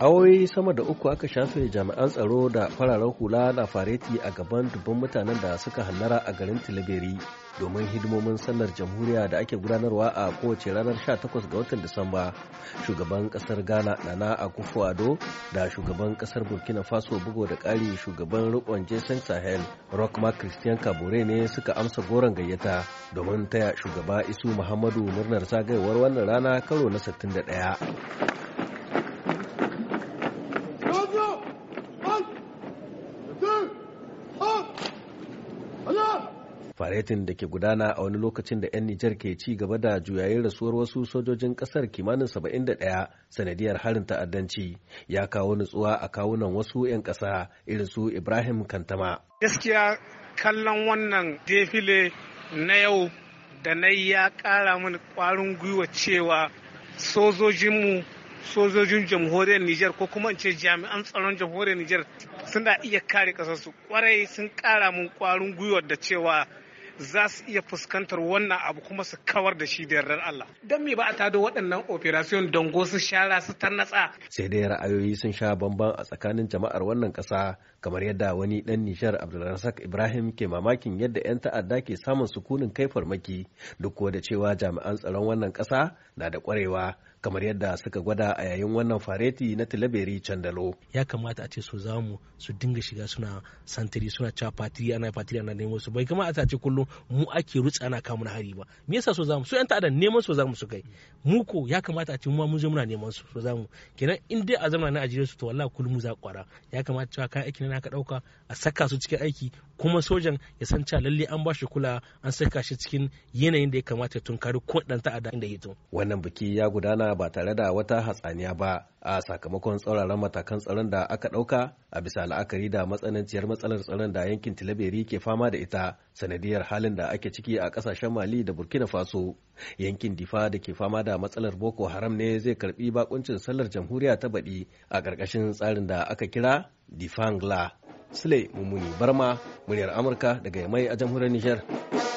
awoyi sama da uku aka shafe jami'an tsaro da fararen hula na fareti a gaban dubban mutanen da suka hannara a garin tilaberi domin hidimomin sallar jamhuriya da ake gudanarwa a kowace ranar 18 ga watan disamba shugaban kasar ghana nana akufo ado da shugaban kasar burkina faso bugo da kari shugaban rikon jason sahel rockma christian kabore ne suka amsa goron gayyata domin taya shugaba isu muhammadu murnar zagayewar wannan rana karo na 61 faretin da ke gudana a wani lokacin da 'yan Nijar ke ci gaba da juyayin rasuwar wasu sojojin kasar kimanin 71 sanadiyar harin ta'addanci ya kawo nutsuwa a kawunan wasu 'yan ƙasa irin su Ibrahim Kantama. Gaskiya kallon wannan defile na yau da na ya ƙara mini ƙwarin gwiwa cewa sojojinmu sojojin jamhuriyar Nijar ko kuma in ce jami'an tsaron jamhuriyar Nijar suna iya kare kasarsu kwarai sun kara mun kwarin gwiwar da cewa za su iya fuskantar wannan abu kuma su kawar da shi da yardar Allah. Don me ba a tado waɗannan operation don su shara su tarnatsa. Sai dai ra'ayoyi sun sha bamban a tsakanin jama'ar wannan ƙasa kamar yadda wani ɗan nishar Abdulrasak Ibrahim ke mamakin yadda 'yan ta'adda ke samun sukunin kai farmaki duk da cewa jami'an tsaron wannan ƙasa na da ƙwarewa kamar yadda suka gwada a yayin wannan fareti na tilaberi candalo ya kamata a ce su zamu su dinga shiga suna santiri suna cewa fatiri ana fatiri ana nemo su bai kamata a ce kullum mu ake rutsa ana kamun hari ba me yasa so zamu su yan ta'adda neman so zamu su kai mu ko ya kamata a ce mu ma je muna neman su so zamu kenan in dai a zama na ajiyar su to wallahi kullum za kwara ya kamata cewa kayan aikin na ka dauka a saka su cikin aiki kuma sojan ya san cewa lalle an ba shi kula an saka shi cikin yanayin da ya kamata tun kare ko dan ta'adda inda yato wannan biki ya gudana ba tare da wata hatsaniya ba a sakamakon tsauraran matakan tsaron da aka dauka a bisa la'akari da matsananciyar matsalar tsaron da yankin tilaberi ke fama da ita sanadiyar halin da ake ciki a kasashen mali da burkina faso yankin difa da ke fama da matsalar boko haram ne zai karbi bakuncin sallar jamhuriya ta baɗi a ƙarƙashin tsarin da aka kira difangla sule mummuni barma muryar amurka daga yamai a jamhuriyar nijar